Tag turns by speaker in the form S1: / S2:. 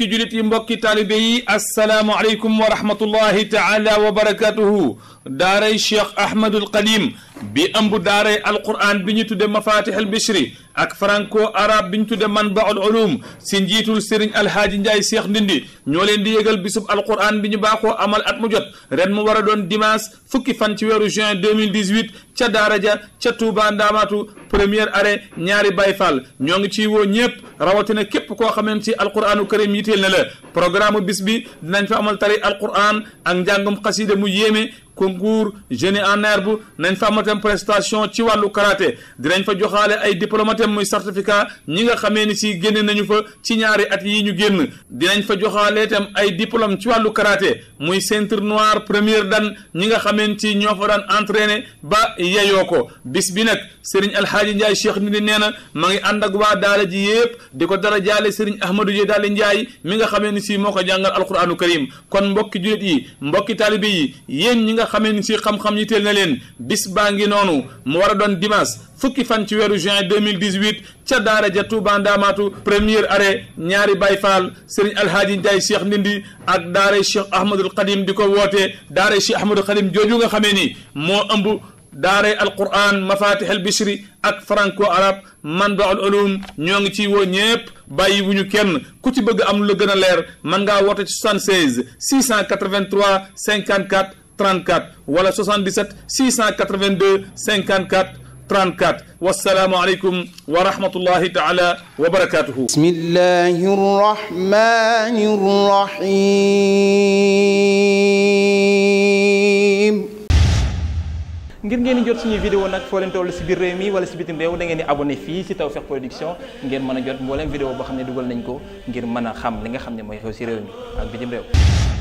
S1: mbokki julit yi mbokki taalibe yi assalaamu aleykum wa rahmatullahi taala wa barakatuhu daaray cheikh ahmadul qadim bi ëmb daaray alquran bi ñu tudde mafatih al bichri ak franco arabe bi ñu tudde manbaul ulum si njiitul sëriñ alhaaji njaay seex ndindi ñoo leen di yëgal bisub alquran bi ñu baaxoo amal at mu jot ren mu war a doon dimanche fukki fan ci weeru juin 2018 ca daara ja ca tuuba ndaamaatu première arrêt ñaari Baye Fall ñoo ngi ciy woo ñëpp rawatina képp koo xamante si alquranu karim yitteel na la programme bis bi dinañ fa amal tari alquran ak njàngum xasida mu yéeme concours jeunes en herbe nañ fa amatam prestation ci wàllu karaté dinañ fa joxaale ay diplomatem muy certificat ñi nga xamee ni si génne nañu fa ci ñaari at yi ñu génn dinañ fa joxaale tam ay diplôme ci wàllu karaté muy ceinture noire première dan ñi nga xameen ci ñoo fa daan entraîné ba yeyoo ko bis bi nag Serigne Alhaaji Ndiaye Cheikh Ndindi nee na ma ngi ànd waa daala ji yépp di ko dara jaale Serigne Ahmadou Dieye Daali Ndiaye mi nga xamee ni si moo ko jàngal alquranu karim kon mbokki jullit yi xamee ni si xam-xam yi teel na leen bis baa ngi noonu moo war a doon dimanche fukki fan ci weeru juin 2018 ca daara ja Touba Ndaamaatu premier arrêt ñaari Baay Faal Serigne Alhaaji Ndiaye Cheikh Ndindi ak daara Cheikh Ahmadul Xadim di ko woote daara Cheikh Ahmadul Xadim jooju nga xamee ni moo ëmb daaray alquran mafatih al bishri ak franco arab manba al ulum ñoo ngi ci woo ñépp bàyyi wuñu kenn ku ci bëgg am lu gën a leer mën ngaa woote ci 76 683 54 34 wala 77 682 54 34 wasalaamualeykum wa rahmatullahi taala wa barakaatuhu. bismillahi
S2: rahmani rahim.
S3: ngir ngeen di jot suñuy vidéo nag foo leen toll si biir réew mi wala si bitim réew da ngeen di abonné fii si Tawfekh Production ngeen mën a jot mbooleem vidéo boo xam ne dugal nañ ko ngir mën a xam li nga xam ne mooy xew si réew mi ak bitim réew